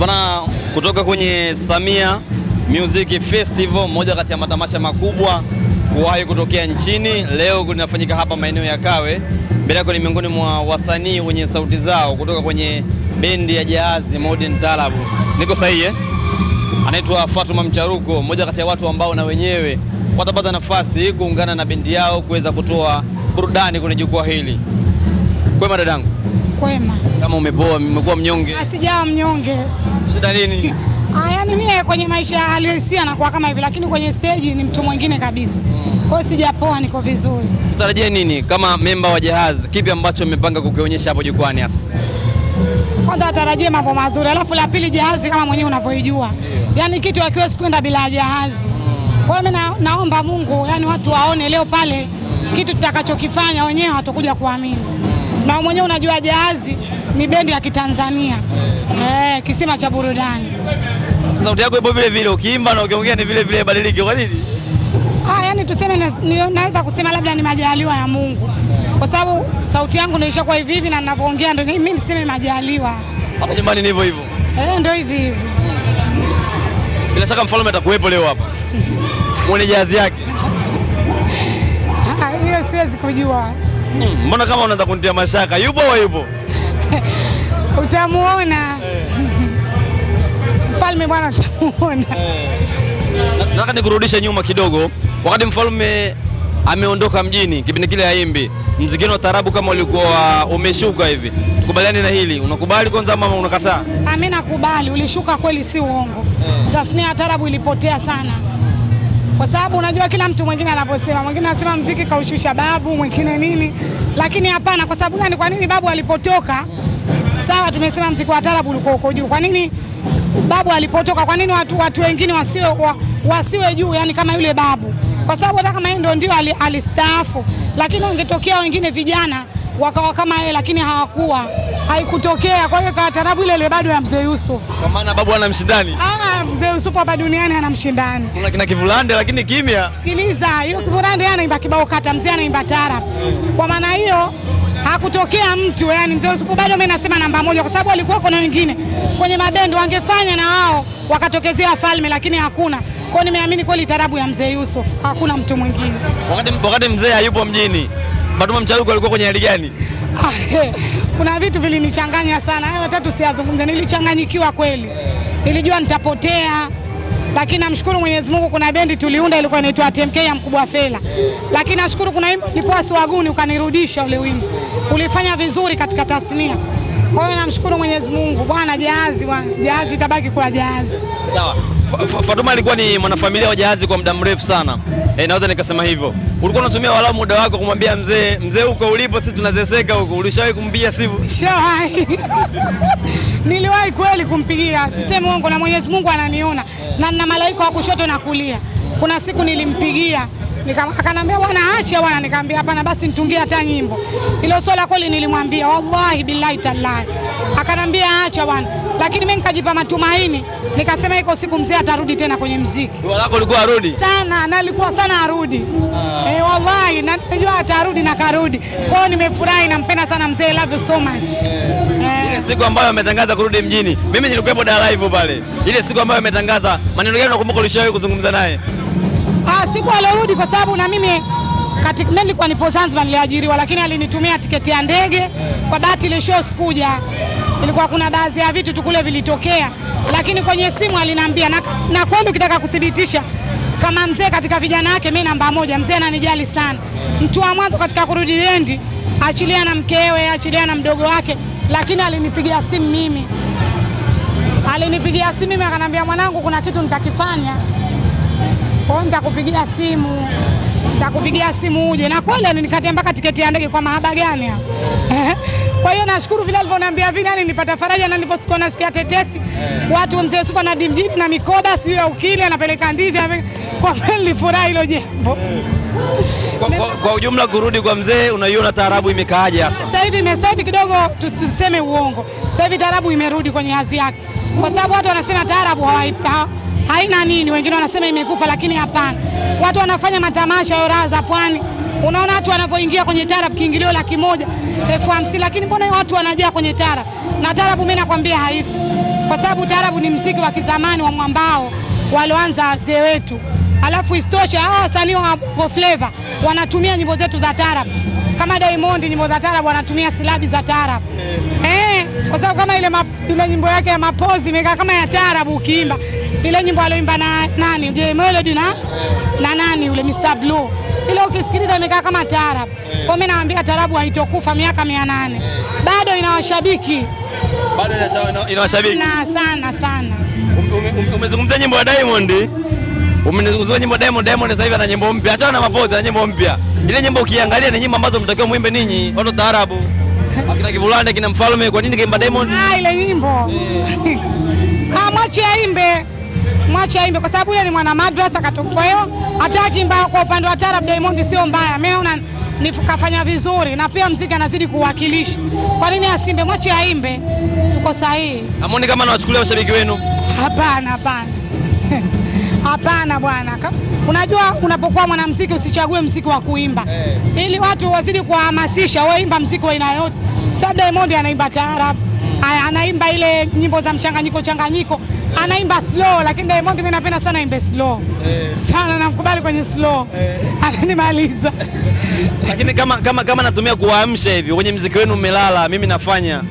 Bana, kutoka kwenye Samia Music Festival, moja kati ya matamasha makubwa kuwahi kutokea nchini, leo linafanyika hapa maeneo ya Kawe. Mbele yako ni miongoni mwa wasanii wenye sauti zao kutoka kwenye bendi ya jahazi Modern Taarab. Niko sahihi eh? Anaitwa Fatuma Mcharuko, mmoja kati ya watu ambao na wenyewe watapata nafasi kuungana na bendi yao kuweza kutoa burudani kwenye jukwaa hili. Kwema dadangu? Kwema. Kama umepoa, umekuwa mnyonge? Asijawa ah, mnyonge hospitalini? Ah, yani mimi kwenye maisha ya halisia nakuwa kama hivi, lakini kwenye stage ni mtu mwingine kabisa. Kwa hiyo sijapoa, niko vizuri. Tutarajie nini kama memba wa Jahazi? Kipi ambacho mmepanga kukionyesha hapo jukwani hasa? Kwanza atarajie mambo mazuri, alafu la pili, Jahazi kama mwenyewe unavyoijua, yani kitu hakiwezi kwenda bila Jahazi. Kwa hiyo mimi naomba Mungu, yani watu waone leo pale kitu tutakachokifanya wenyewe, watakuja kuamini mm. na mwenyewe unajua Jahazi ni bendi ya Kitanzania eh. Hey, kisima cha burudani. Sauti yako ipo vile vile, ukiimba na ukiongea ni vile vile, badiliki kwa nini? Ah, yani tuseme naweza kusema labda ni majaliwa ya Mungu kwa sababu sauti yangu nilishakuwa hivi hivi na ninapoongea ndio mimi niseme majaliwa. Hapo nyumbani ni hivyo hivyo. Eh, ndio hivi hivi. Bila shaka mfalme atakuwepo leo hapa mwene jazi yake. Ah, hiyo siwezi kujua. Hmm, mbona kama unaanza kunitia mashaka, yupo au yupo? utamuona mfalme bwana, utamuona. Eh. Nataka nikurudishe nyuma kidogo, wakati mfalme ameondoka mjini, kipindi kile Aimbi, mzikino wa tarabu kama ulikuwa umeshuka hivi, tukubaliane na hili. Unakubali kwanza ama unakataa? Mimi nakubali, ulishuka kweli, si uongo. Eh. Tasnia ya tarabu ilipotea sana kwa sababu unajua kila mtu mwingine anaposema, mwingine anasema mziki kaushusha babu, mwingine nini, lakini hapana. Kwa sababu gani? Kwa nini babu alipotoka sawa, tumesema mziki wa tarabu ulikuwa uko juu. Kwa nini babu alipotoka, kwa nini watu, watu wengine wasiwe, wa, wasiwe juu, yani kama yule babu? Kwa sababu hata kama yeye ndio ndio alistaafu, lakini angetokea wengine vijana wakawa kama yeye, lakini hawakuwa haikutokea. Kwa hiyo kwa tarabu ile ile bado ya mzee Yusuf, kwa maana babu ana mshindani. Ah, mzee Yusuf hapa duniani ana mshindani. Kuna kina Kivulande lakini kimya. Sikiliza, hiyo Kivulande anaimba kibao kata, mzee anaimba tarabu. Kwa maana hiyo hakutokea mtu. Yani mzee Yusufu bado mimi nasema namba moja, kwa sababu alikuwa kuna wengine kwenye mabendo wangefanya na wao wakatokezea wafalme, lakini hakuna kwao. Nimeamini kweli tarabu ya mzee Yusuf, hakuna mtu mwingine. Wakati, wakati mzee hayupo mjini, Fatuma Mcharuko alikuwa kwenye hali gani? Ah, kuna vitu vilinichanganya sana, hayo watatu siyazungumza. Nilichanganyikiwa kweli, nilijua nitapotea lakini namshukuru Mwenyezi Mungu, kuna bendi tuliunda ilikuwa inaitwa TMK ya mkubwa Fela, lakini nashukuru kuna wimbo nilipoa siwaguni ukanirudisha, ule wimbo ulifanya vizuri katika tasnia. Kwa hiyo namshukuru Mwenyezi Mungu. Bwana jahazi, jahazi itabaki kuwa jahazi. Sawa. Fatuma alikuwa ni mwanafamilia wa jahazi kwa muda mrefu sana, eh, naweza nikasema hivyo ulikuwa unatumia walau muda wako kumwambia mzee, mzee huko ulipo, sisi tunateseka huko. Ulishawahi kumpigia simu? Shawahi. Niliwahi kweli kumpigia, sisemi uongo, na Mwenyezi Mungu ananiona na nina malaika wa kushoto na kulia. Kuna siku nilimpigia akanambia bwana, acha bwana. Nikamwambia hapana, basi nitungie hata nyimbo. Ilo swala kweli nilimwambia, wallahi billahi tallahi akanambia acha bwana, lakini mimi nikajipa matumaini, nikasema iko siku mzee atarudi tena kwenye mziki. Dua lako lilikuwa arudi sana na alikuwa sana arudi ah. Eh, wallahi na najua atarudi na karudi kwao. Nimefurahi, nampenda sana mzee, love you so much yeah. eh. Ile siku ambayo ametangaza kurudi mjini, mimi nilikuwepo da live pale. Ile siku ambayo ametangaza, maneno gani unakumbuka ulishawahi kuzungumza naye? Ah, siku aliorudi, kwa sababu na mimi katika mimi nilikuwa nipo Zanzibar, niliajiriwa, lakini alinitumia tiketi ya ndege. Kwa bahati ile show sikuja ilikuwa kuna baadhi ya vitu tu kule vilitokea, lakini kwenye simu alinambia na, na kwamba kitaka kuthibitisha kama mzee katika vijana wake, mimi namba moja. Mzee ananijali sana, mtu wa mwanzo katika kurudi Lindi, achilia na mkewe, achilia na mdogo wake, lakini alinipigia simu mimi, alinipigia simu mimi, akanambia mwanangu, kuna kitu nitakifanya kwa nitakupigia simu nitakupigia simu uje. Na kweli alinikatia mpaka tiketi ya ndege. Kwa mahaba gani hapo? Kwa hiyo nashukuru vile alivyoniambia vile, yani nilipata faraja, na niliposikia nasikia tetesi eh. watu mzee Yusufu na dimjini na mikoba sijui ya ukili anapeleka ndizi, kwa kweli nilifurahi hilo jambo. Kwa, kwa, kwa ujumla kurudi kwa mzee, unaiona taarabu imekaaje hasa sasa hivi? Sasa hivi kidogo tuseme uongo, sasa hivi taarabu imerudi kwenye hazi yake, kwa sababu watu wanasema taarabu hawaipa haina nini, wengine wanasema imekufa, lakini hapana. Watu wanafanya matamasha ya raha za pwani Unaona watu wanavyoingia kwenye tarabu, kiingilio laki moja elfu hamsini lakini mbona watu wanajaa kwenye tarabu? Na tarabu mimi nakwambia haifu, kwa sababu tarabu ni mziki wa kizamani wa mwambao walioanza wazee wetu. Alafu istosha hawa wasanii wa fleva wanatumia nyimbo zetu za tarabu kama Diamond nyimbo za tarabu wanatumia silabi za tarabu eh, kwa sababu kama ile, ile nyimbo yake ya mapozi imekaa kama ya tarabu. Ukiimba ile nyimbo aliyoimba na nani, Jay Melody na, na nani ule Mr Blue ile ukisikiliza imekaa kama taarabu. Eh. Kwa mimi naambia taarabu haitokufa miaka mia nane eh. bado ina washabiki, bado ina washabiki na sana sana. Um- um- um- umezungumzia nyimbo ya Diamond, umezungumzia nyimbo ya Diamond. Diamond sasa hivi ana nyimbo mpya, achana na mapozi, ana nyimbo mpya. Ile nyimbo ukiangalia ni nyimbo ambazo mtakiwa muimbe ninyi watu taarabu, akina Kivulane, akina Mfalme. Kwa nini kaimba Diamond ah, ile nyimbo? Eh. Amwache ah, aimbe mwache aimbe, kwa sababu yule ni mwana madrasa katoka. Kwa hiyo hataki mbaya. Kwa upande wa tarab, Diamond sio mbaya, mimi nikafanya vizuri, na pia mziki anazidi kuwakilisha. Kwa nini asimbe? Mwache aimbe, tuko sahihi. Amoni kama anawachukulia mashabiki wenu? Hapana, hapana Hapana bwana, unajua unapokuwa mwanamuziki usichague mziki wa kuimba hey, eh. ili watu wazidi kuwahamasisha, waimba imba muziki wa aina yote, sababu Diamond anaimba taarabu anaimba ile nyimbo za mchanganyiko changanyiko, anaimba slow, lakini Diamond mimi napenda sana imbe slow eh. sana namkubali kwenye slow eh. ananimaliza lakini kama, kama, kama natumia kuamsha hivi kwenye mziki wenu umelala mimi nafanya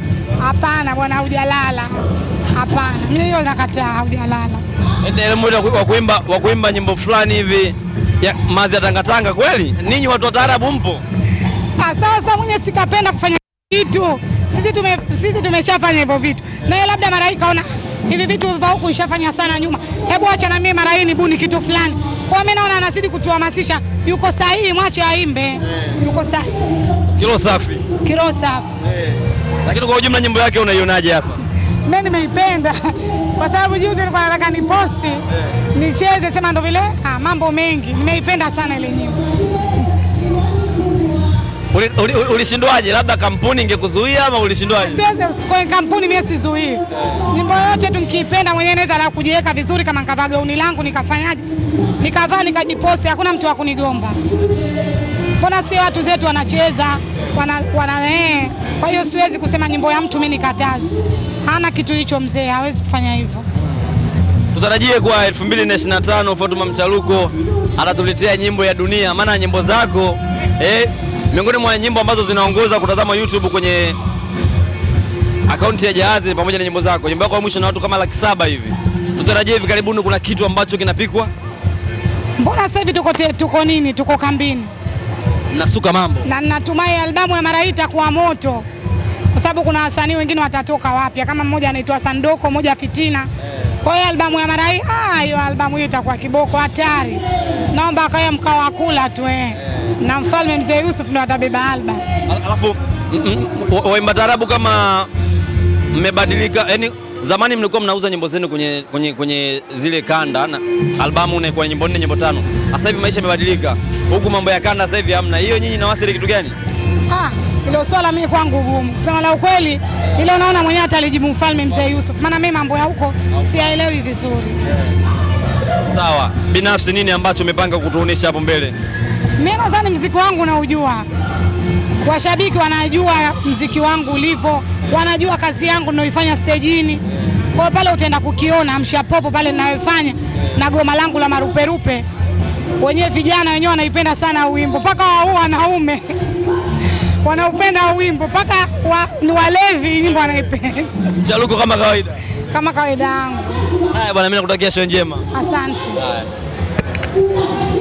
hapana bwana, hujalala hapana, mimi hiyo nakataa, hujalala wakuimba kuimba nyimbo fulani hivi ya mazi ya tangatanga. Kweli ninyi watu wa taarabu mpo ah, sawa sawa, mwenye sikapenda kufanya kitu sisi tume sisi tumeshafanya hivyo vitu, na yeye labda mara hii kaona hivi vitu vya huku ishafanya sana nyuma, hebu acha na mimi mara hii nibuni kitu fulani. Kwa mimi naona anazidi kutuhamasisha, yuko sahihi, mwache aimbe, yuko sahihi, kilo safi, kilo safi. Eh. Lakini kwa ujumla nyimbo yake unaionaje hasa? Mimi nimeipenda kwa sababu juzi nilikuwa nataka niposti eh. nicheze, sema ndo vile ah, mambo mengi. Nimeipenda sana ile nyimbo. Ulishindwaje? Labda kampuni ingekuzuia ama ulishindwaje? Kampuni mimi sizuii, nyimbo yote tu nikipenda mwenyewe naweza na kujiweka vizuri. Kama nikavaa gauni langu nikafanyaje, nikavaa nikajiposti, hakuna mtu wa kunigomba. Mbona si watu zetu wanacheza wana, wana eh? Kwa hiyo siwezi kusema nyimbo ya mtu mimi nikatazo, hana kitu hicho mzee, hawezi kufanya hivyo. Tutarajie kwa 2025 Fatuma Mchaluko atatuletea nyimbo ya dunia, maana nyimbo zako eh, Miongoni mwa nyimbo ambazo zinaongoza kutazama YouTube kwenye akaunti ya Jahazi pamoja na nyimbo zako. Nyimbo yako ya mwisho na watu kama laki saba hivi. Tutarajie hivi karibuni kuna kitu ambacho kinapikwa? Mbona sasa hivi tuko tuko nini? Tuko kambini. Nasuka mambo. Na natumai albamu ya mara hii itakuwa moto. Kwa sababu kuna wasanii wengine watatoka wapya kama mmoja anaitwa Sandoko, mmoja Fitina. Kwa hiyo albamu ya mara hii, ah, hiyo albamu hiyo itakuwa kiboko hatari. Naomba akaye mkao wa kula tu eh na mfalme mzee Yusuf ndo atabeba alba. Alafu waimba taarabu kama mmebadilika, yani zamani mlikuwa mnauza nyimbo zenu kwenye, kwenye, kwenye zile kanda na albamu kwa nyimbo nne nyimbo tano. Sasa hivi maisha yamebadilika huku, mambo ya kanda sasa hivi hamna. Hiyo nyinyi inawaathiri kitu gani? Ah, ilo swala mimi kwangu gumu kusema la ukweli, ile unaona mwenyewe hata alijibu mfalme mzee Yusuf, maana mimi mambo ya huko siyaelewi vizuri. Sawa, binafsi nini ambacho umepanga kutuonesha hapo mbele? Mimi nadhani mziki wangu naujua, washabiki wanajua mziki wangu ulivyo, wanajua kazi yangu ninaoifanya stejini. Kwa hiyo pale utaenda kukiona mshapopo pale ninayoifanya na goma langu la maruperupe. Wenyewe vijana wenyewe wanaipenda sana wimbo, mpaka wanaume wanaupenda wimbo, mpaka ni walevi nyimbo wanaipenda. chaluko kama kawaida, kama kawaida yangu. Haya bwana, mimi nakutakia show njema, asante. Haya.